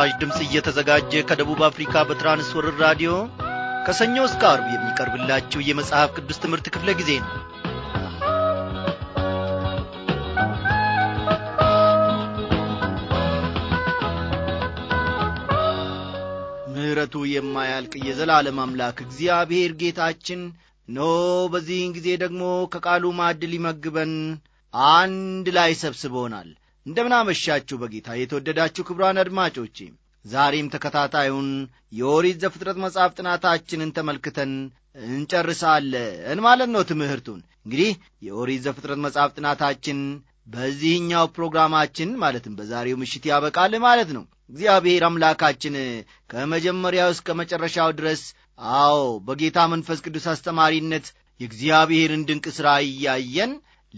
ለመስራች ድምፅ እየተዘጋጀ ከደቡብ አፍሪካ በትራንስወርር ራዲዮ ከሰኞ እስከ አርብ የሚቀርብላችሁ የመጽሐፍ ቅዱስ ትምህርት ክፍለ ጊዜ ነው ምሕረቱ የማያልቅ የዘላለም አምላክ እግዚአብሔር ጌታችን ኖ በዚህን ጊዜ ደግሞ ከቃሉ ማዕድ ሊመግበን አንድ ላይ ሰብስቦናል እንደምናመሻችሁ በጌታ የተወደዳችሁ ክብራን አድማጮቼ ዛሬም ተከታታዩን የኦሪት ዘፍጥረት መጽሐፍ ጥናታችንን ተመልክተን እንጨርሳለን ማለት ነው። ትምህርቱን እንግዲህ የኦሪት ዘፍጥረት መጽሐፍ ጥናታችን በዚህኛው ፕሮግራማችን ማለትም በዛሬው ምሽት ያበቃል ማለት ነው። እግዚአብሔር አምላካችን ከመጀመሪያው እስከ መጨረሻው ድረስ አዎ፣ በጌታ መንፈስ ቅዱስ አስተማሪነት የእግዚአብሔርን ድንቅ ሥራ እያየን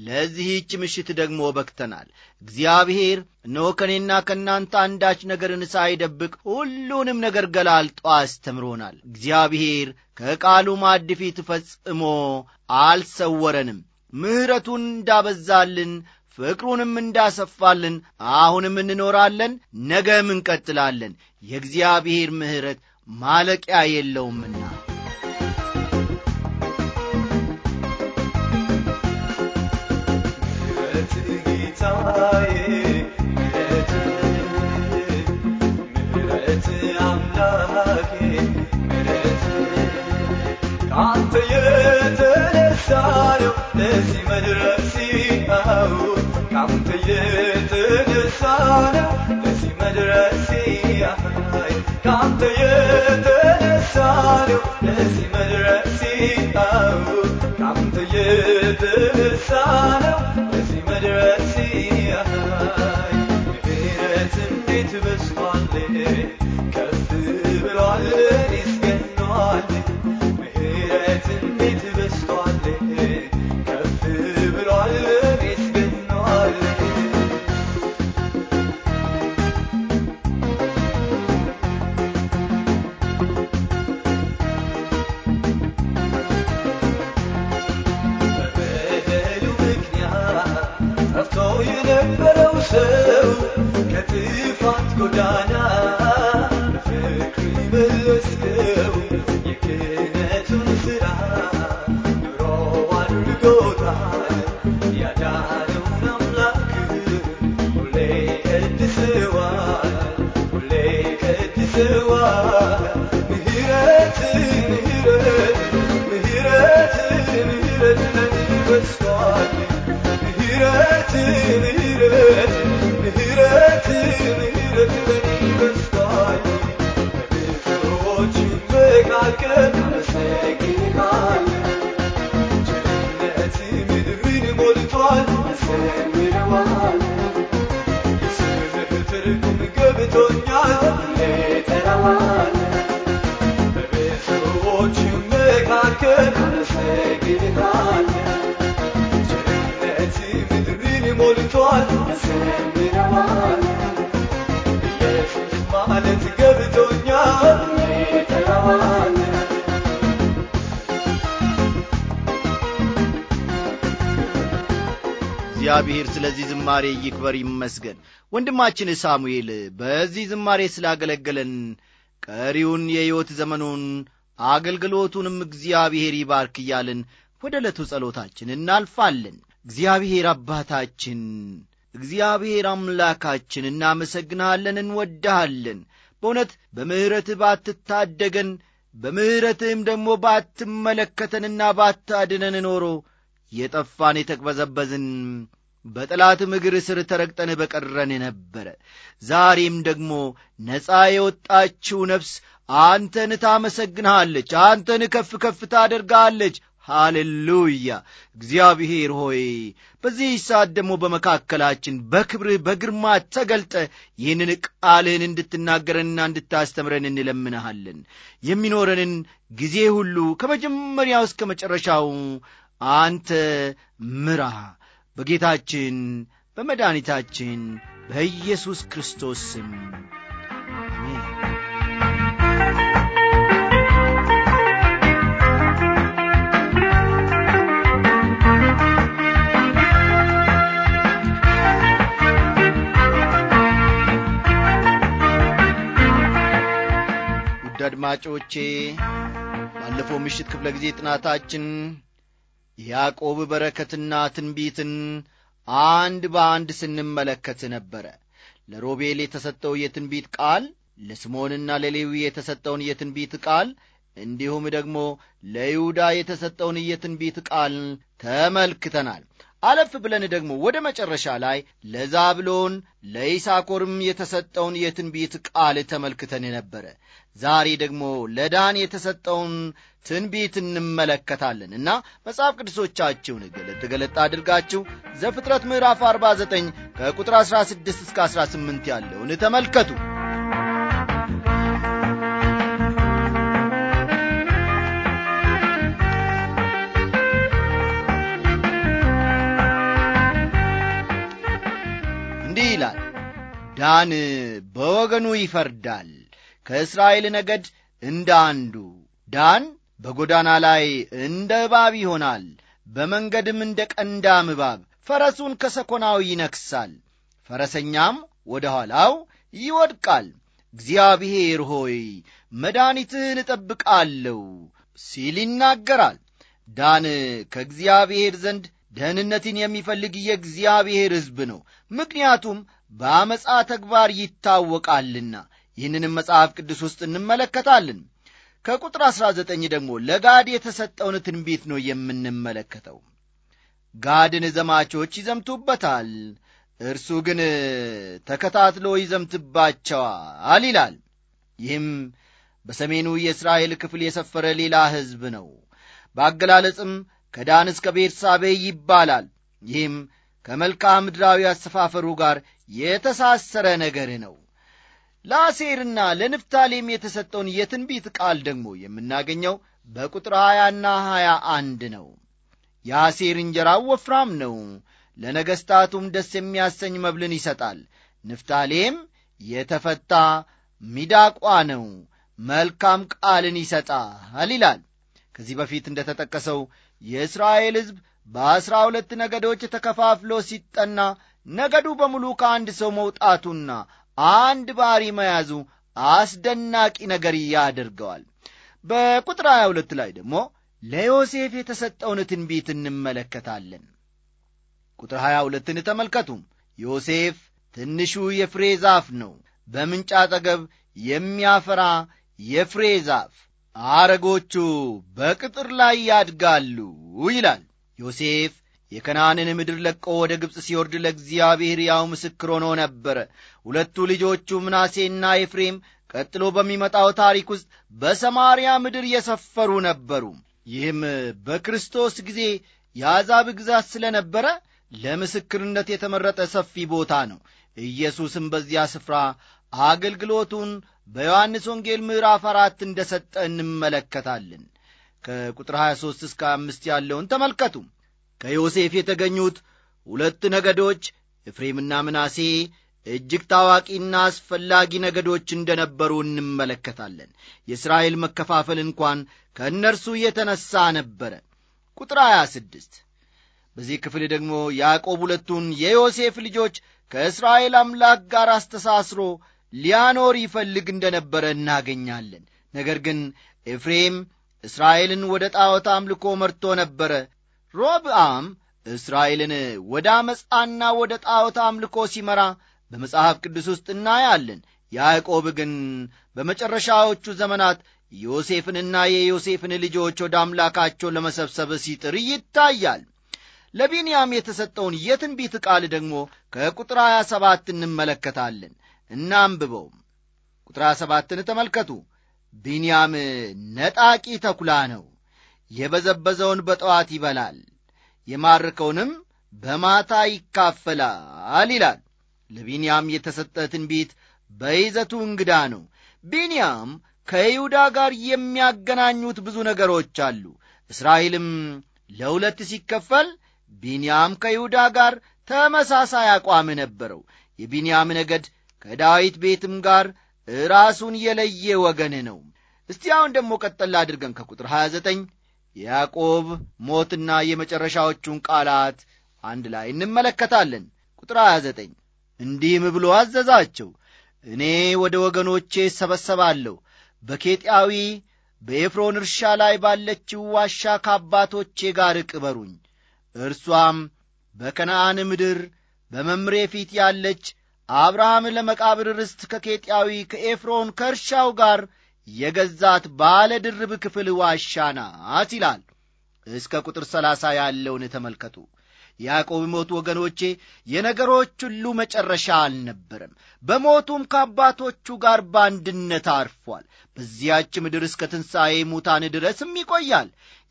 ለዚህች ምሽት ደግሞ በክተናል። እግዚአብሔር እነሆ ከእኔና ከእናንተ አንዳች ነገርን ሳይደብቅ ሁሉንም ነገር ገላልጦ አስተምሮናል። እግዚአብሔር ከቃሉ ማድፊት ፈጽሞ አልሰወረንም። ምሕረቱን እንዳበዛልን ፍቅሩንም እንዳሰፋልን አሁንም እንኖራለን፣ ነገም እንቀጥላለን። የእግዚአብሔር ምሕረት ማለቂያ የለውምና سواي مرقتي مرقتي عملاكي مرقتي عانت يتنسانو مدرسي مدرسي مدرسي जाने ሞልቷል እግዚአብሔር ስለዚህ ዝማሬ ይክበር ይመስገን ወንድማችን ሳሙኤል በዚህ ዝማሬ ስላገለገለን ቀሪውን የሕይወት ዘመኑን አገልግሎቱንም እግዚአብሔር ይባርክ እያልን ወደ ዕለቱ ጸሎታችን እናልፋለን እግዚአብሔር አባታችን እግዚአብሔር አምላካችን እናመሰግንሃለን፣ እንወድሃለን። በእውነት በምሕረትህ ባትታደገን በምሕረትህም ደግሞ ባትመለከተንና ባታድነን ኖሮ የጠፋን የተቅበዘበዝን በጠላት እግር ስር ተረግጠን በቀረን ነበረ። ዛሬም ደግሞ ነፃ የወጣችው ነፍስ አንተን ታመሰግንሃለች፣ አንተን ከፍ ከፍ ታደርግሃለች፣ ሃሌሉያ እግዚአብሔር ሆይ በዚህ ሰዓት ደግሞ በመካከላችን በክብርህ በግርማ ተገልጠ ይህንን ቃልህን እንድትናገረንና እንድታስተምረን እንለምንሃለን። የሚኖረንን ጊዜ ሁሉ ከመጀመሪያው እስከ መጨረሻው አንተ ምራ። በጌታችን በመድኃኒታችን በኢየሱስ ክርስቶስ ስም ውድ አድማጮቼ ባለፈው ምሽት ክፍለ ጊዜ ጥናታችን ያዕቆብ በረከትና ትንቢትን አንድ በአንድ ስንመለከት ነበረ ለሮቤል የተሰጠው የትንቢት ቃል ለስምዖንና ለሌዊ የተሰጠውን የትንቢት ቃል እንዲሁም ደግሞ ለይሁዳ የተሰጠውን የትንቢት ቃል ተመልክተናል አለፍ ብለን ደግሞ ወደ መጨረሻ ላይ ለዛብሎን ለይሳኮርም የተሰጠውን የትንቢት ቃል ተመልክተን ነበረ ዛሬ ደግሞ ለዳን የተሰጠውን ትንቢት እንመለከታለን እና መጽሐፍ ቅዱሶቻችሁን ገለጥ ገለጥ አድርጋችሁ ዘፍጥረት ምዕራፍ 49 ከቁጥር 16 እስከ 18 ያለውን ተመልከቱ። እንዲህ ይላል፣ ዳን በወገኑ ይፈርዳል ከእስራኤል ነገድ እንደ አንዱ ዳን በጎዳና ላይ እንደ እባብ ይሆናል፣ በመንገድም እንደ ቀንዳም እባብ ፈረሱን ከሰኮናው ይነክሳል፣ ፈረሰኛም ወደ ኋላው ይወድቃል። እግዚአብሔር ሆይ መድኒትህን እጠብቃለሁ ሲል ይናገራል። ዳን ከእግዚአብሔር ዘንድ ደህንነትን የሚፈልግ የእግዚአብሔር ሕዝብ ነው። ምክንያቱም በአመፃ ተግባር ይታወቃልና ይህንንም መጽሐፍ ቅዱስ ውስጥ እንመለከታለን። ከቁጥር 19 ደግሞ ለጋድ የተሰጠውን ትንቢት ነው የምንመለከተው። ጋድን ዘማቾች ይዘምቱበታል፣ እርሱ ግን ተከታትሎ ይዘምትባቸዋል ይላል። ይህም በሰሜኑ የእስራኤል ክፍል የሰፈረ ሌላ ሕዝብ ነው። በአገላለጽም ከዳን እስከ ቤርሳቤ ይባላል። ይህም ከመልክዓ ምድራዊ አሰፋፈሩ ጋር የተሳሰረ ነገር ነው። ለአሴርና ለንፍታሌም የተሰጠውን የትንቢት ቃል ደግሞ የምናገኘው በቁጥር ሀያና ሀያ አንድ ነው። የአሴር እንጀራው ወፍራም ነው፣ ለነገሥታቱም ደስ የሚያሰኝ መብልን ይሰጣል። ንፍታሌም የተፈታ ሚዳቋ ነው፣ መልካም ቃልን ይሰጣል ይላል። ከዚህ በፊት እንደ ተጠቀሰው የእስራኤል ሕዝብ በአሥራ ሁለት ነገዶች ተከፋፍሎ ሲጠና ነገዱ በሙሉ ከአንድ ሰው መውጣቱና አንድ ባሪ መያዙ አስደናቂ ነገር ያደርገዋል። በቁጥር 22 ላይ ደግሞ ለዮሴፍ የተሰጠውን ትንቢት እንመለከታለን። ቁጥር 22ን ተመልከቱ። ዮሴፍ ትንሹ የፍሬ ዛፍ ነው፣ በምንጭ አጠገብ የሚያፈራ የፍሬ ዛፍ፣ አረጎቹ በቅጥር ላይ ያድጋሉ ይላል። ዮሴፍ የከነዓንን ምድር ለቆ ወደ ግብፅ ሲወርድ ለእግዚአብሔር ያው ምስክር ሆኖ ነበረ። ሁለቱ ልጆቹ ምናሴና ኤፍሬም ቀጥሎ በሚመጣው ታሪክ ውስጥ በሰማርያ ምድር የሰፈሩ ነበሩ። ይህም በክርስቶስ ጊዜ የአሕዛብ ግዛት ስለ ነበረ ለምስክርነት የተመረጠ ሰፊ ቦታ ነው። ኢየሱስም በዚያ ስፍራ አገልግሎቱን በዮሐንስ ወንጌል ምዕራፍ አራት እንደ ሰጠ እንመለከታለን። ከቁጥር 23 እስከ 5 ያለውን ተመልከቱ። ከዮሴፍ የተገኙት ሁለት ነገዶች ኤፍሬምና ምናሴ እጅግ ታዋቂና አስፈላጊ ነገዶች እንደ ነበሩ እንመለከታለን። የእስራኤል መከፋፈል እንኳን ከእነርሱ የተነሣ ነበረ። ቁጥር 26 በዚህ ክፍል ደግሞ ያዕቆብ ሁለቱን የዮሴፍ ልጆች ከእስራኤል አምላክ ጋር አስተሳስሮ ሊያኖር ይፈልግ እንደ ነበረ እናገኛለን። ነገር ግን ኤፍሬም እስራኤልን ወደ ጣዖት አምልኮ መርቶ ነበረ። ሮብአም እስራኤልን ወደ አመፃና ወደ ጣዖት አምልኮ ሲመራ በመጽሐፍ ቅዱስ ውስጥ እናያለን። ያዕቆብ ግን በመጨረሻዎቹ ዘመናት ዮሴፍንና የዮሴፍን ልጆች ወደ አምላካቸው ለመሰብሰብ ሲጥር ይታያል። ለቢንያም የተሰጠውን የትንቢት ቃል ደግሞ ከቁጥር 2 ሰባት እንመለከታለን። እናንብበውም። ቁጥር 2 ሰባትን ተመልከቱ። ቢንያም ነጣቂ ተኩላ ነው የበዘበዘውን በጠዋት ይበላል፣ የማረከውንም በማታ ይካፈላል ይላል። ለቢንያም የተሰጠ ትንቢት በይዘቱ እንግዳ ነው። ቢንያም ከይሁዳ ጋር የሚያገናኙት ብዙ ነገሮች አሉ። እስራኤልም ለሁለት ሲከፈል ቢንያም ከይሁዳ ጋር ተመሳሳይ አቋም ነበረው። የቢንያም ነገድ ከዳዊት ቤትም ጋር ራሱን የለየ ወገን ነው። እስቲ አሁን ደግሞ ቀጠል አድርገን ከቁጥር 29 የያዕቆብ ሞትና የመጨረሻዎቹን ቃላት አንድ ላይ እንመለከታለን። ቁጥር 29 እንዲህም ብሎ አዘዛቸው፣ እኔ ወደ ወገኖቼ እሰበሰባለሁ፣ በኬጢያዊ በኤፍሮን እርሻ ላይ ባለችው ዋሻ ከአባቶቼ ጋር ቅበሩኝ። እርሷም በከነአን ምድር በመምሬ ፊት ያለች አብርሃም ለመቃብር ርስት ከኬጢያዊ ከኤፍሮን ከእርሻው ጋር የገዛት ባለ ድርብ ክፍል ዋሻ ናት ይላል። እስከ ቁጥር ሰላሳ ያለውን ተመልከቱ። ያዕቆብ ሞት ወገኖቼ የነገሮች ሁሉ መጨረሻ አልነበረም። በሞቱም ከአባቶቹ ጋር በአንድነት አርፏል። በዚያች ምድር እስከ ትንሣኤ ሙታን ድረስም ይቆያል።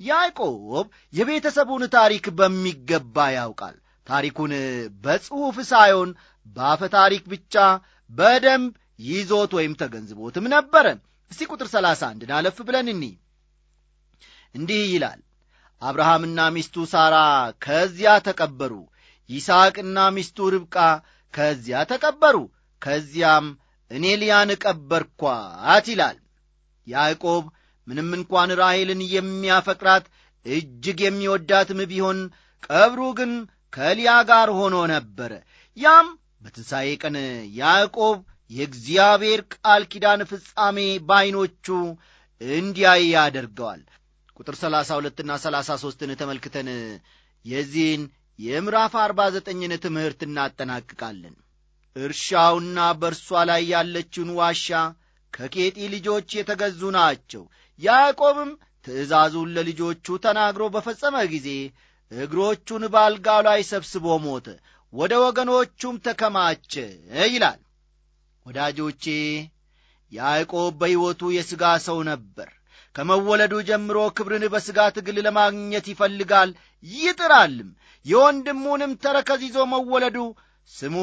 ያዕቆብ የቤተሰቡን ታሪክ በሚገባ ያውቃል። ታሪኩን በጽሑፍ ሳይሆን በአፈ ታሪክ ብቻ በደንብ ይዞት ወይም ተገንዝቦትም ነበረን። እስቲ ቁጥር 31 አለፍ ብለን እኒ እንዲህ ይላል አብርሃምና ሚስቱ ሳራ ከዚያ ተቀበሩ፣ ይስሐቅና ሚስቱ ርብቃ ከዚያ ተቀበሩ፣ ከዚያም እኔ ሊያን ቀበርኳት ይላል። ያዕቆብ ምንም እንኳን ራሔልን የሚያፈቅራት እጅግ የሚወዳትም ቢሆን ቀብሩ ግን ከሊያ ጋር ሆኖ ነበረ። ያም በትንሣኤ ቀን ያዕቆብ የእግዚአብሔር ቃል ኪዳን ፍጻሜ በዐይኖቹ እንዲያይ ያደርገዋል። ቁጥር 32ና 33ን ተመልክተን የዚህን የምዕራፍ 49ን ትምህርት እናጠናቅቃለን። እርሻውና በእርሷ ላይ ያለችውን ዋሻ ከኬጢ ልጆች የተገዙ ናቸው። ያዕቆብም ትእዛዙን ለልጆቹ ተናግሮ በፈጸመ ጊዜ እግሮቹን በአልጋው ላይ ሰብስቦ ሞተ፣ ወደ ወገኖቹም ተከማቸ ይላል። ወዳጆቼ ያዕቆብ በሕይወቱ የሥጋ ሰው ነበር። ከመወለዱ ጀምሮ ክብርን በሥጋ ትግል ለማግኘት ይፈልጋል ይጥራልም። የወንድሙንም ተረከዝ ይዞ መወለዱ ስሙ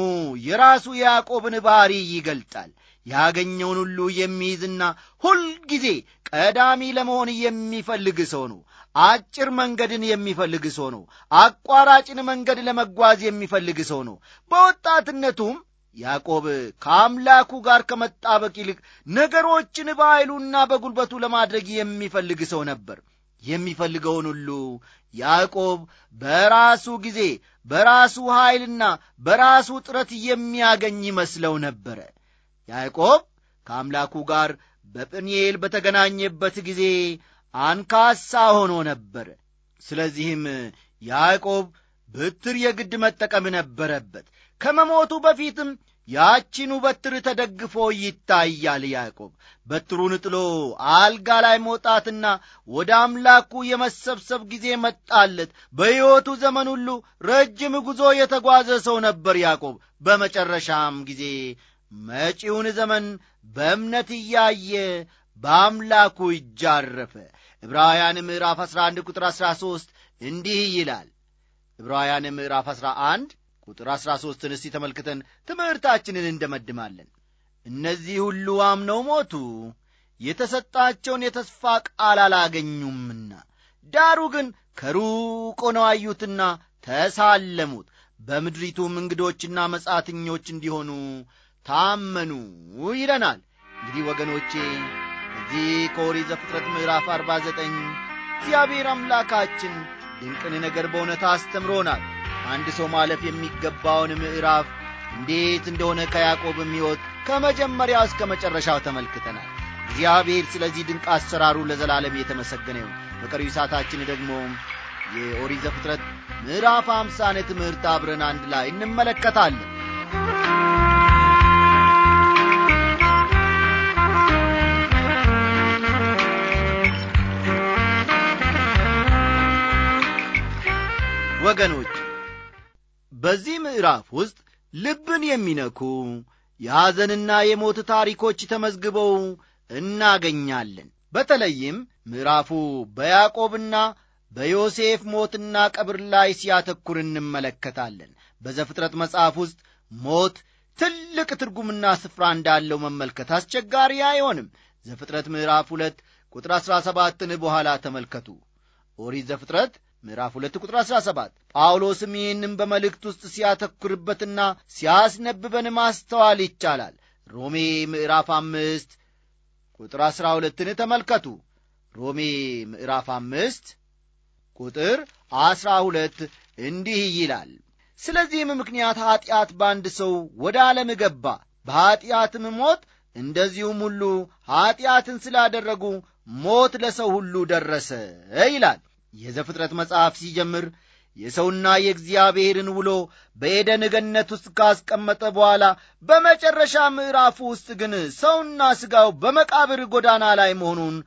የራሱ የያዕቆብን ባሕሪ ይገልጣል። ያገኘውን ሁሉ የሚይዝና ሁልጊዜ ቀዳሚ ለመሆን የሚፈልግ ሰው ነው። አጭር መንገድን የሚፈልግ ሰው ነው። አቋራጭን መንገድ ለመጓዝ የሚፈልግ ሰው ነው። በወጣትነቱም ያዕቆብ ከአምላኩ ጋር ከመጣበቅ ይልቅ ነገሮችን በኃይሉና በጉልበቱ ለማድረግ የሚፈልግ ሰው ነበር። የሚፈልገውን ሁሉ ያዕቆብ በራሱ ጊዜ በራሱ ኃይልና በራሱ ጥረት የሚያገኝ ይመስለው ነበረ። ያዕቆብ ከአምላኩ ጋር በጵንኤል በተገናኘበት ጊዜ አንካሳ ሆኖ ነበር። ስለዚህም ያዕቆብ በትር የግድ መጠቀም ነበረበት። ከመሞቱ በፊትም ያቺኑ በትር ተደግፎ ይታያል። ያዕቆብ በትሩን ጥሎ አልጋ ላይ መውጣትና ወደ አምላኩ የመሰብሰብ ጊዜ መጣለት። በሕይወቱ ዘመን ሁሉ ረጅም ጉዞ የተጓዘ ሰው ነበር ያዕቆብ። በመጨረሻም ጊዜ መጪውን ዘመን በእምነት እያየ በአምላኩ እጅ አረፈ። ዕብራውያን ምዕራፍ 11 ቁጥር 13 እንዲህ ይላል ዕብራውያን ምዕራፍ 11 ቁጥር 13 ሦስትን እስቲ ተመልክተን ትምህርታችንን እንደመድማለን። እነዚህ ሁሉ አምነው ሞቱ፣ የተሰጣቸውን የተስፋ ቃል አላገኙምና፣ ዳሩ ግን ከሩቅ ሆነው አዩትና ተሳለሙት፣ በምድሪቱም እንግዶችና መጻትኞች እንዲሆኑ ታመኑ ይለናል። እንግዲህ ወገኖቼ እዚህ ከኦሪት ዘፍጥረት ምዕራፍ 49 እግዚአብሔር አምላካችን ድንቅን ነገር በእውነት አስተምሮናል። አንድ ሰው ማለፍ የሚገባውን ምዕራፍ እንዴት እንደሆነ ከያዕቆብ ሕይወት ከመጀመሪያ እስከ መጨረሻው ተመልክተናል። እግዚአብሔር ስለዚህ ድንቅ አሰራሩ ለዘላለም የተመሰገነ ይሁን። በቀሪው ሰዓታችን ደግሞ የኦሪዘ ፍጥረት ምዕራፍ አምሳነ ትምህርት አብረን አንድ ላይ እንመለከታለን። በዚህ ምዕራፍ ውስጥ ልብን የሚነኩ የሐዘንና የሞት ታሪኮች ተመዝግበው እናገኛለን። በተለይም ምዕራፉ በያዕቆብና በዮሴፍ ሞትና ቀብር ላይ ሲያተኩር እንመለከታለን። በዘፍጥረት መጽሐፍ ውስጥ ሞት ትልቅ ትርጉምና ስፍራ እንዳለው መመልከት አስቸጋሪ አይሆንም። ዘፍጥረት ምዕራፍ ሁለት ቁጥር 17ን በኋላ ተመልከቱ። ኦሪት ዘፍጥረት ምዕራፍ 2 ቁጥር 17 ጳውሎስም ይህንም በመልእክት ውስጥ ሲያተኩርበትና ሲያስነብበን ማስተዋል ይቻላል። ሮሜ ምዕራፍ 5 ቁጥር 12ን ተመልከቱ። ሮሜ ምዕራፍ 5 ቁጥር 12 እንዲህ ይላል። ስለዚህም ምክንያት ኀጢአት በአንድ ሰው ወደ ዓለም ገባ፣ በኀጢአትም ሞት፣ እንደዚሁም ሁሉ ኀጢአትን ስላደረጉ ሞት ለሰው ሁሉ ደረሰ ይላል። የዘፍጥረት መጽሐፍ ሲጀምር የሰውና የእግዚአብሔርን ውሎ በኤደን ገነት ውስጥ ካስቀመጠ በኋላ በመጨረሻ ምዕራፉ ውስጥ ግን ሰውና ሥጋው በመቃብር ጎዳና ላይ መሆኑን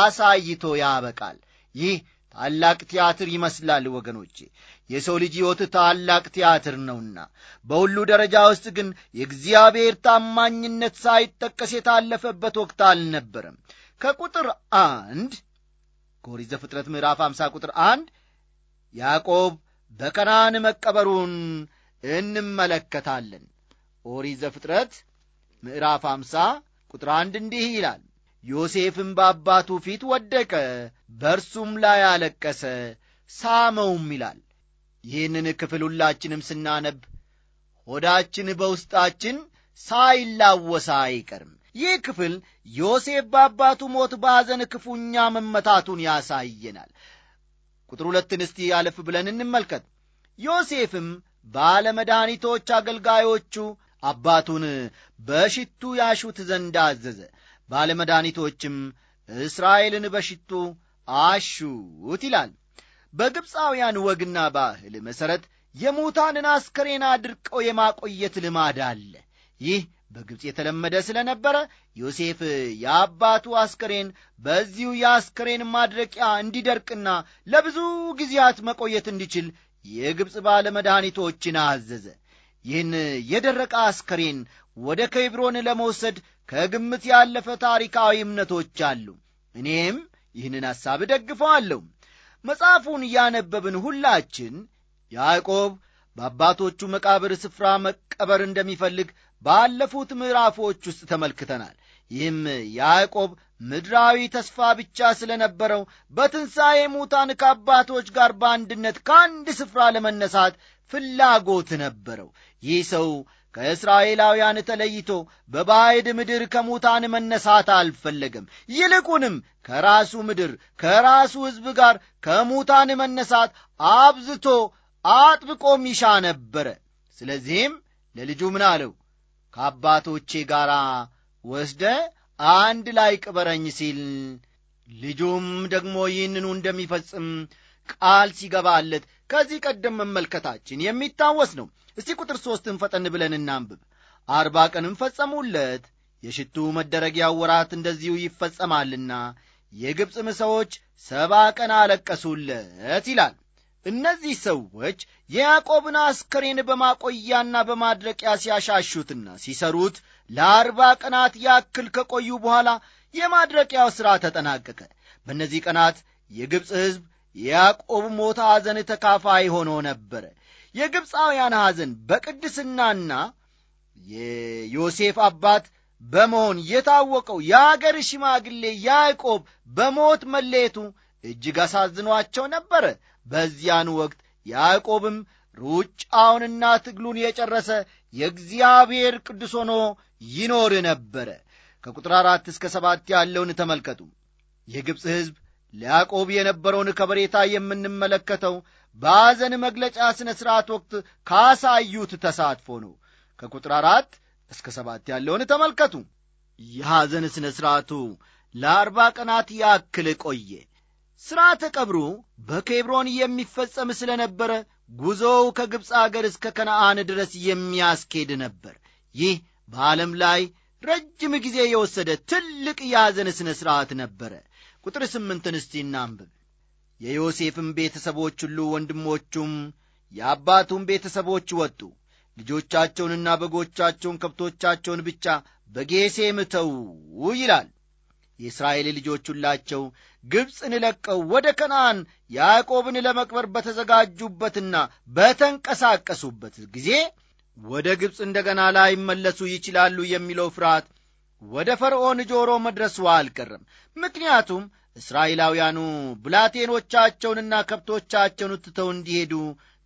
አሳይቶ ያበቃል። ይህ ታላቅ ቲያትር ይመስላል ወገኖቼ። የሰው ልጅ ሕይወት ታላቅ ቲያትር ነውና፣ በሁሉ ደረጃ ውስጥ ግን የእግዚአብሔር ታማኝነት ሳይጠቀስ የታለፈበት ወቅት አልነበረም። ከቁጥር አንድ ከኦሪት ዘፍጥረት ምዕራፍ 50 ቁጥር 1 ያዕቆብ በከናን መቀበሩን እንመለከታለን። ኦሪት ዘፍጥረት ምዕራፍ 50 ቁጥር 1 እንዲህ ይላል፣ ዮሴፍም በአባቱ ፊት ወደቀ፣ በእርሱም ላይ አለቀሰ፣ ሳመውም ይላል። ይህንን ክፍል ሁላችንም ስናነብ ሆዳችን በውስጣችን ሳይላወሳ አይቀርም። ይህ ክፍል ዮሴፍ በአባቱ ሞት በሐዘን ክፉኛ መመታቱን ያሳየናል። ቁጥር ሁለትን እስቲ ያለፍ ብለን እንመልከት። ዮሴፍም ባለመድኃኒቶች አገልጋዮቹ አባቱን በሽቱ ያሹት ዘንድ አዘዘ። ባለመድኃኒቶችም እስራኤልን በሽቱ አሹት ይላል። በግብፃውያን ወግና ባህል መሠረት የሙታንን አስከሬን አድርቀው የማቆየት ልማድ አለ። ይህ በግብፅ የተለመደ ስለነበረ ዮሴፍ የአባቱ አስከሬን በዚሁ የአስከሬን ማድረቂያ እንዲደርቅና ለብዙ ጊዜያት መቆየት እንዲችል የግብፅ ባለመድኃኒቶችን አዘዘ። ይህን የደረቀ አስከሬን ወደ ኬብሮን ለመውሰድ ከግምት ያለፈ ታሪካዊ እምነቶች አሉ። እኔም ይህንን ሐሳብ ደግፈዋለሁ። መጽሐፉን እያነበብን ሁላችን ያዕቆብ በአባቶቹ መቃብር ስፍራ መቀበር እንደሚፈልግ ባለፉት ምዕራፎች ውስጥ ተመልክተናል። ይህም ያዕቆብ ምድራዊ ተስፋ ብቻ ስለነበረው በትንሣኤ ሙታን ከአባቶች ጋር በአንድነት ከአንድ ስፍራ ለመነሳት ፍላጎት ነበረው። ይህ ሰው ከእስራኤላውያን ተለይቶ በባዕድ ምድር ከሙታን መነሳት አልፈለገም። ይልቁንም ከራሱ ምድር ከራሱ ሕዝብ ጋር ከሙታን መነሳት አብዝቶ አጥብቆም ይሻ ነበረ። ስለዚህም ለልጁ ምን አለው? ከአባቶቼ ጋር ወስደ አንድ ላይ ቅበረኝ ሲል ልጁም ደግሞ ይህንኑ እንደሚፈጽም ቃል ሲገባለት ከዚህ ቀደም መመልከታችን የሚታወስ ነው። እስቲ ቁጥር ሦስትን ፈጠን ብለን እናንብብ። አርባ ቀንም ፈጸሙለት፣ የሽቱ መደረጊያ ወራት እንደዚሁ ይፈጸማልና የግብፅም ሰዎች ሰባ ቀን አለቀሱለት ይላል። እነዚህ ሰዎች የያዕቆብን አስከሬን በማቆያና በማድረቂያ ሲያሻሹትና ሲሰሩት ለአርባ ቀናት ያክል ከቆዩ በኋላ የማድረቂያው ሥራ ተጠናቀቀ። በእነዚህ ቀናት የግብፅ ሕዝብ የያዕቆብ ሞት ሐዘን ተካፋይ ሆኖ ነበረ። የግብፃውያን ሐዘን በቅድስናና የዮሴፍ አባት በመሆን የታወቀው የአገር ሽማግሌ ያዕቆብ በሞት መለየቱ እጅግ አሳዝኗቸው ነበረ። በዚያን ወቅት ያዕቆብም ሩጫውንና ትግሉን የጨረሰ የእግዚአብሔር ቅዱስ ሆኖ ይኖር ነበረ ከቁጥር አራት እስከ ሰባት ያለውን ተመልከቱ የግብፅ ሕዝብ ለያዕቆብ የነበረውን ከበሬታ የምንመለከተው በአዘን መግለጫ ሥነ ሥርዓት ወቅት ካሳዩት ተሳትፎ ነው ከቁጥር አራት እስከ ሰባት ያለውን ተመልከቱ የሐዘን ሥነ ሥርዓቱ ለአርባ ቀናት ያክል ቆየ ሥርዓተ ቀብሩ በኬብሮን የሚፈጸም ስለ ነበረ ጉዞው ከግብፅ አገር እስከ ከነአን ድረስ የሚያስኬድ ነበር። ይህ በዓለም ላይ ረጅም ጊዜ የወሰደ ትልቅ የሐዘን ሥነ ሥርዓት ነበረ። ቁጥር ስምንትን እስቲ እናንብብ። የዮሴፍም ቤተሰቦች ሁሉ ወንድሞቹም የአባቱም ቤተሰቦች ወጡ፣ ልጆቻቸውንና በጎቻቸውን ከብቶቻቸውን ብቻ በጌሴም ተዉ ይላል። የእስራኤል ልጆች ሁላቸው ግብፅን ለቀው ወደ ከነአን ያዕቆብን ለመቅበር በተዘጋጁበትና በተንቀሳቀሱበት ጊዜ ወደ ግብፅ እንደገና ላይመለሱ ይችላሉ የሚለው ፍርሃት ወደ ፈርዖን ጆሮ መድረሱ አልቀረም። ምክንያቱም እስራኤላውያኑ ብላቴኖቻቸውንና ከብቶቻቸውን ትተው እንዲሄዱ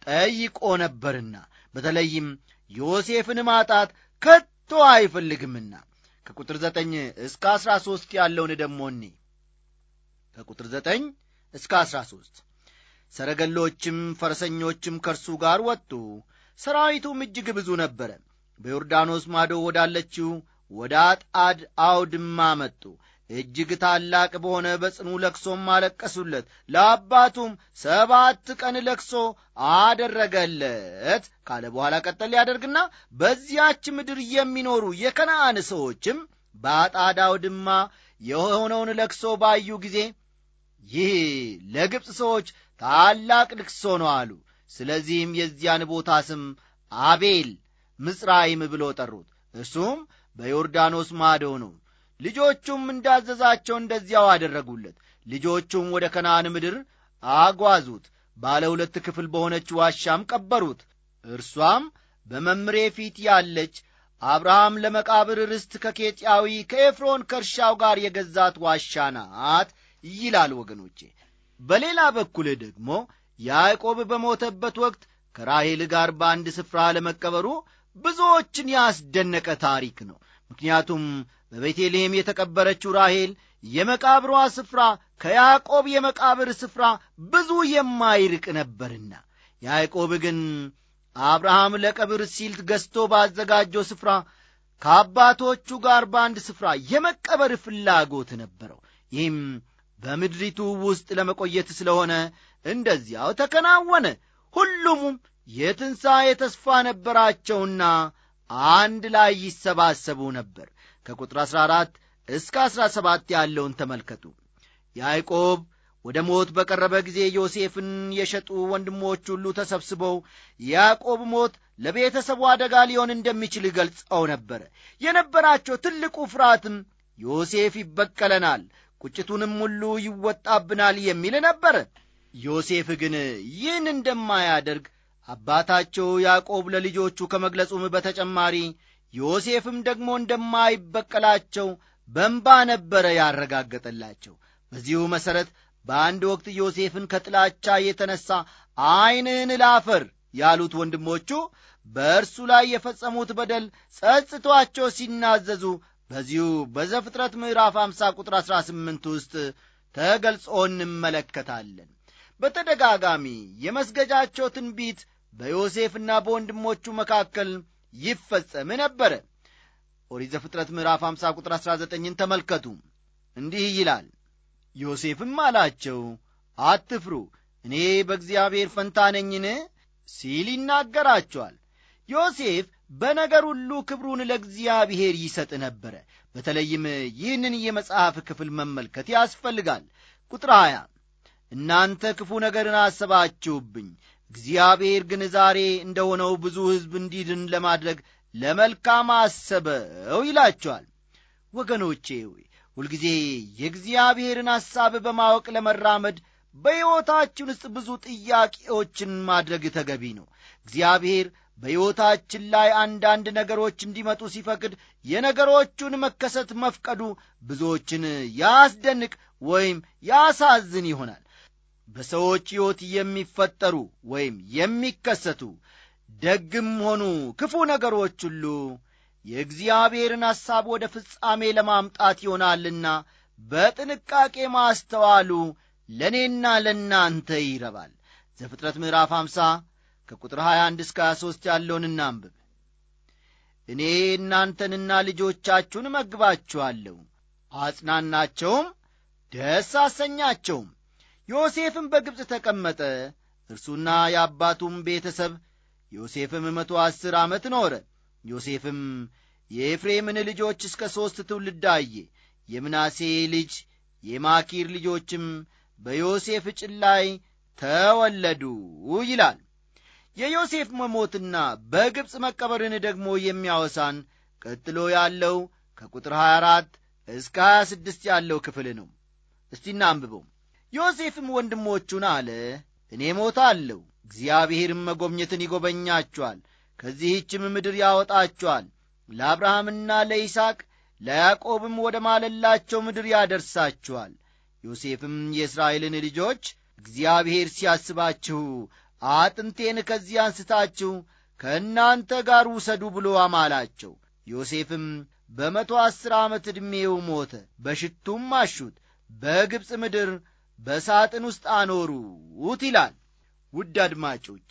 ጠይቆ ነበርና በተለይም ዮሴፍን ማጣት ከቶ አይፈልግምና ከቁጥር ዘጠኝ እስከ አስራ ሦስት ያለውን ደሞኒ እኒ ከቁጥር ዘጠኝ እስከ አስራ ሦስት ሰረገሎችም ፈረሰኞችም ከእርሱ ጋር ወጡ፣ ሰራዊቱም እጅግ ብዙ ነበረ። በዮርዳኖስ ማዶ ወዳለችው ወደ አጣድ አውድማ መጡ። እጅግ ታላቅ በሆነ በጽኑ ለክሶም አለቀሱለት። ለአባቱም ሰባት ቀን ለክሶ አደረገለት ካለ በኋላ ቀጠል ያደርግና በዚያች ምድር የሚኖሩ የከነአን ሰዎችም በአጣዳው ድማ የሆነውን ለክሶ ባዩ ጊዜ ይህ ለግብፅ ሰዎች ታላቅ ልክሶ ነው አሉ። ስለዚህም የዚያን ቦታ ስም አቤል ምጽራይም ብሎ ጠሩት። እሱም በዮርዳኖስ ማዶ ነው። ልጆቹም እንዳዘዛቸው እንደዚያው አደረጉለት። ልጆቹም ወደ ከነአን ምድር አጓዙት። ባለ ሁለት ክፍል በሆነች ዋሻም ቀበሩት። እርሷም በመምሬ ፊት ያለች አብርሃም ለመቃብር ርስት ከኬጢያዊ ከኤፍሮን ከእርሻው ጋር የገዛት ዋሻ ናት ይላል ወገኖቼ። በሌላ በኩል ደግሞ ያዕቆብ በሞተበት ወቅት ከራሄል ጋር በአንድ ስፍራ ለመቀበሩ ብዙዎችን ያስደነቀ ታሪክ ነው። ምክንያቱም በቤቴልሔም የተቀበረችው ራሔል የመቃብሯ ስፍራ ከያዕቆብ የመቃብር ስፍራ ብዙ የማይርቅ ነበርና ያዕቆብ ግን አብርሃም ለቀብር ሲልት ገዝቶ ባዘጋጀው ስፍራ ከአባቶቹ ጋር በአንድ ስፍራ የመቀበር ፍላጎት ነበረው። ይህም በምድሪቱ ውስጥ ለመቆየት ስለሆነ እንደዚያው ተከናወነ። ሁሉም የትንሣኤ ተስፋ ነበራቸውና አንድ ላይ ይሰባሰቡ ነበር። ከቁጥር 14 እስከ 17 ያለውን ተመልከቱ። ያዕቆብ ወደ ሞት በቀረበ ጊዜ ዮሴፍን የሸጡ ወንድሞች ሁሉ ተሰብስበው ያዕቆብ ሞት ለቤተሰቡ አደጋ ሊሆን እንደሚችል ገልጸው ነበር። የነበራቸው ትልቁ ፍርሃትም ዮሴፍ ይበቀለናል፣ ቁጭቱንም ሁሉ ይወጣብናል የሚል ነበር። ዮሴፍ ግን ይህን እንደማያደርግ አባታቸው ያዕቆብ ለልጆቹ ከመግለጹም በተጨማሪ ዮሴፍም ደግሞ እንደማይበቀላቸው በንባ ነበረ ያረጋገጠላቸው። በዚሁ መሠረት በአንድ ወቅት ዮሴፍን ከጥላቻ የተነሣ ዐይንህን ላፈር ያሉት ወንድሞቹ በእርሱ ላይ የፈጸሙት በደል ጸጽቷቸው ሲናዘዙ በዚሁ በዘፍጥረት ምዕራፍ 50 ቁጥር 18 ውስጥ ተገልጾ እንመለከታለን። በተደጋጋሚ የመስገጃቸው ትንቢት በዮሴፍና በወንድሞቹ መካከል ይፈጸም ነበረ። ኦሪት ዘፍጥረት ምዕራፍ 50 ቁጥር 19ን ተመልከቱ። እንዲህ ይላል፣ ዮሴፍም አላቸው አትፍሩ፣ እኔ በእግዚአብሔር ፈንታ ነኝን ሲል ይናገራቸዋል። ዮሴፍ በነገር ሁሉ ክብሩን ለእግዚአብሔር ይሰጥ ነበረ። በተለይም ይህንን የመጽሐፍ ክፍል መመልከት ያስፈልጋል። ቁጥር 20 እናንተ ክፉ ነገርን አሰባችሁብኝ፣ እግዚአብሔር ግን ዛሬ እንደሆነው ብዙ ሕዝብ እንዲድን ለማድረግ ለመልካም አሰበው ይላቸዋል። ወገኖቼ ሆይ ሁልጊዜ የእግዚአብሔርን ሐሳብ በማወቅ ለመራመድ በሕይወታችን ውስጥ ብዙ ጥያቄዎችን ማድረግ ተገቢ ነው። እግዚአብሔር በሕይወታችን ላይ አንዳንድ ነገሮች እንዲመጡ ሲፈቅድ የነገሮቹን መከሰት መፍቀዱ ብዙዎችን ያስደንቅ ወይም ያሳዝን ይሆናል። በሰዎች ሕይወት የሚፈጠሩ ወይም የሚከሰቱ ደግም ሆኑ ክፉ ነገሮች ሁሉ የእግዚአብሔርን ሐሳብ ወደ ፍጻሜ ለማምጣት ይሆናልና በጥንቃቄ ማስተዋሉ ለእኔና ለእናንተ ይረባል። ዘፍጥረት ምዕራፍ 50 ከቁጥር 21 እስከ 23 ያለውን እናንብብ። እኔ እናንተንና ልጆቻችሁን እመግባችኋለሁ፣ አጽናናቸውም፣ ደስ አሰኛቸውም ዮሴፍም በግብፅ ተቀመጠ፣ እርሱና የአባቱም ቤተሰብ። ዮሴፍም መቶ ዐሥር ዓመት ኖረ። ዮሴፍም የኤፍሬምን ልጆች እስከ ሦስት ትውልድ አየ። የምናሴ ልጅ የማኪር ልጆችም በዮሴፍ ጭላይ ላይ ተወለዱ ይላል። የዮሴፍ መሞትና በግብፅ መቀበርን ደግሞ የሚያወሳን ቀጥሎ ያለው ከቁጥር 24 እስከ 26 ያለው ክፍል ነው። እስቲ እናንብበው። ዮሴፍም ወንድሞቹን አለ እኔ ሞታለሁ፣ እግዚአብሔርም መጎብኘትን ይጎበኛችኋል፣ ከዚህችም ምድር ያወጣችኋል፣ ለአብርሃምና ለይስቅ ለያዕቆብም ወደ ማለላቸው ምድር ያደርሳችኋል። ዮሴፍም የእስራኤልን ልጆች እግዚአብሔር ሲያስባችሁ አጥንቴን ከዚህ አንስታችሁ ከእናንተ ጋር ውሰዱ ብሎ አማላቸው። ዮሴፍም በመቶ ዐሥር ዓመት ዕድሜው ሞተ። በሽቱም አሹት። በግብፅ ምድር በሳጥን ውስጥ አኖሩት ይላል። ውድ አድማጮቼ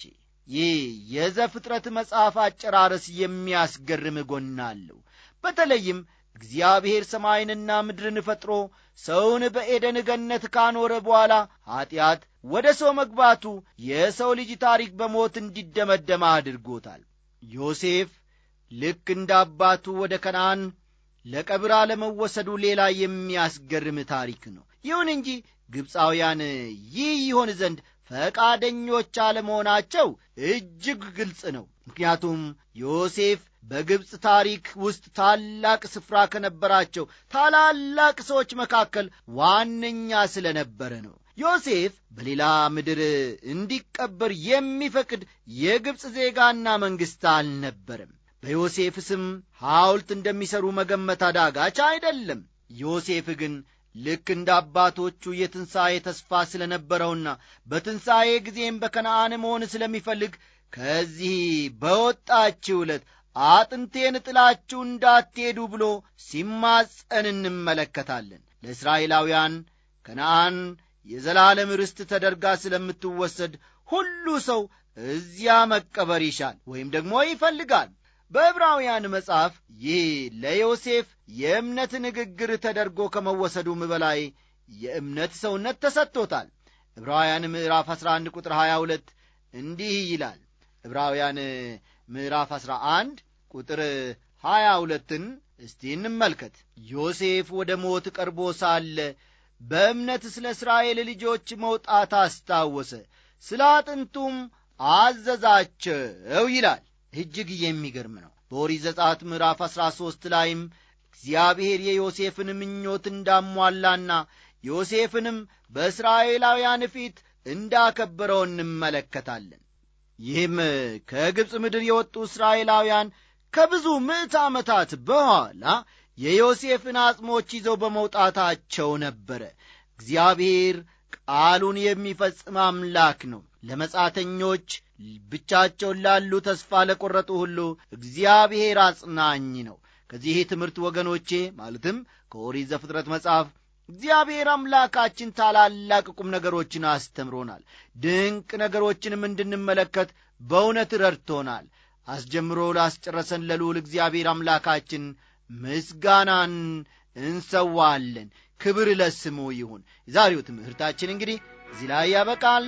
ይህ ፍጥረት መጽሐፍ አጨራረስ የሚያስገርም ጎናለሁ አለው። በተለይም እግዚአብሔር ሰማይንና ምድርን ፈጥሮ ሰውን በኤደን ገነት ካኖረ በኋላ ኀጢአት ወደ ሰው መግባቱ የሰው ልጅ ታሪክ በሞት እንዲደመደም አድርጎታል። ዮሴፍ ልክ እንደ አባቱ ወደ ከነአን ለቀብር አለመወሰዱ ሌላ የሚያስገርም ታሪክ ነው። ይሁን እንጂ ግብፃውያን ይህ ይሆን ዘንድ ፈቃደኞች አለመሆናቸው እጅግ ግልጽ ነው። ምክንያቱም ዮሴፍ በግብፅ ታሪክ ውስጥ ታላቅ ስፍራ ከነበራቸው ታላላቅ ሰዎች መካከል ዋነኛ ስለነበረ ነው። ዮሴፍ በሌላ ምድር እንዲቀበር የሚፈቅድ የግብፅ ዜጋና መንግሥት አልነበርም። በዮሴፍ ስም ሐውልት እንደሚሠሩ መገመት አዳጋች አይደለም። ዮሴፍ ግን ልክ እንደ አባቶቹ የትንሣኤ ተስፋ ስለ ነበረውና በትንሣኤ ጊዜም በከነአን መሆን ስለሚፈልግ ከዚህ በወጣችው ዕለት አጥንቴን ጥላችሁ እንዳትሄዱ ብሎ ሲማጸን እንመለከታለን። ለእስራኤላውያን ከነአን የዘላለም ርስት ተደርጋ ስለምትወሰድ ሁሉ ሰው እዚያ መቀበር ይሻል ወይም ደግሞ ይፈልጋል። በዕብራውያን መጽሐፍ ይህ ለዮሴፍ የእምነት ንግግር ተደርጎ ከመወሰዱም በላይ የእምነት ሰውነት ተሰጥቶታል። ዕብራውያን ምዕራፍ 11 ቁጥር 22 እንዲህ ይላል። ዕብራውያን ምዕራፍ 11 ቁጥር 22ን እስቲ እንመልከት። ዮሴፍ ወደ ሞት ቀርቦ ሳለ በእምነት ስለ እስራኤል ልጆች መውጣት አስታወሰ፣ ስለ አጥንቱም አዘዛቸው ይላል። እጅግ የሚገርም ነው። በኦሪት ዘጸአት ምዕራፍ አሥራ ሦስት ላይም እግዚአብሔር የዮሴፍን ምኞት እንዳሟላና ዮሴፍንም በእስራኤላውያን ፊት እንዳከበረው እንመለከታለን። ይህም ከግብፅ ምድር የወጡ እስራኤላውያን ከብዙ ምዕት ዓመታት በኋላ የዮሴፍን አጽሞች ይዘው በመውጣታቸው ነበረ። እግዚአብሔር ቃሉን የሚፈጽም አምላክ ነው። ለመጻተኞች ብቻቸውን ላሉ ተስፋ ለቈረጡ ሁሉ እግዚአብሔር አጽናኝ ነው ከዚህ ትምህርት ወገኖቼ ማለትም ከኦሪት ዘፍጥረት መጽሐፍ እግዚአብሔር አምላካችን ታላላቅ ቁም ነገሮችን አስተምሮናል ድንቅ ነገሮችንም እንድንመለከት በእውነት ረድቶናል አስጀምሮ ላስጨረሰን ለልዑል እግዚአብሔር አምላካችን ምስጋናን እንሰዋለን ክብር ለስሙ ይሁን የዛሬው ትምህርታችን እንግዲህ እዚህ ላይ ያበቃል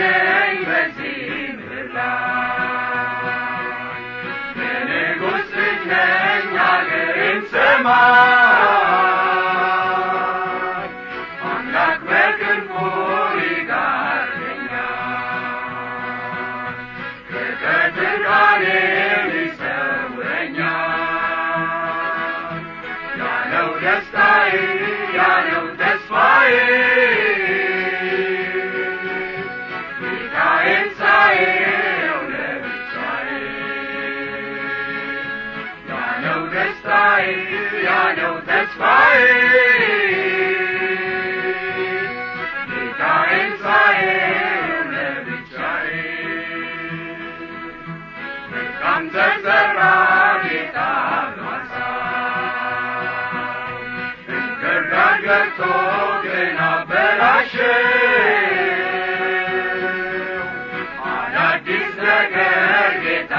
ነኝ በዚህ ምድር ላይ የንጉሥ ልጅ ነኝ ሀገሬም ሰማይ አምላክ ያለው ደስታዬ ያለው ተስፋዬ ያለው ነው ተስፋዬ ጌታዬን ሳየው ለብቻዬ መልካም ተዘራ ጌታ ሏሳ እንከርዳገርቶ ገና በላሸ አዳዲስ ነገር ጌታ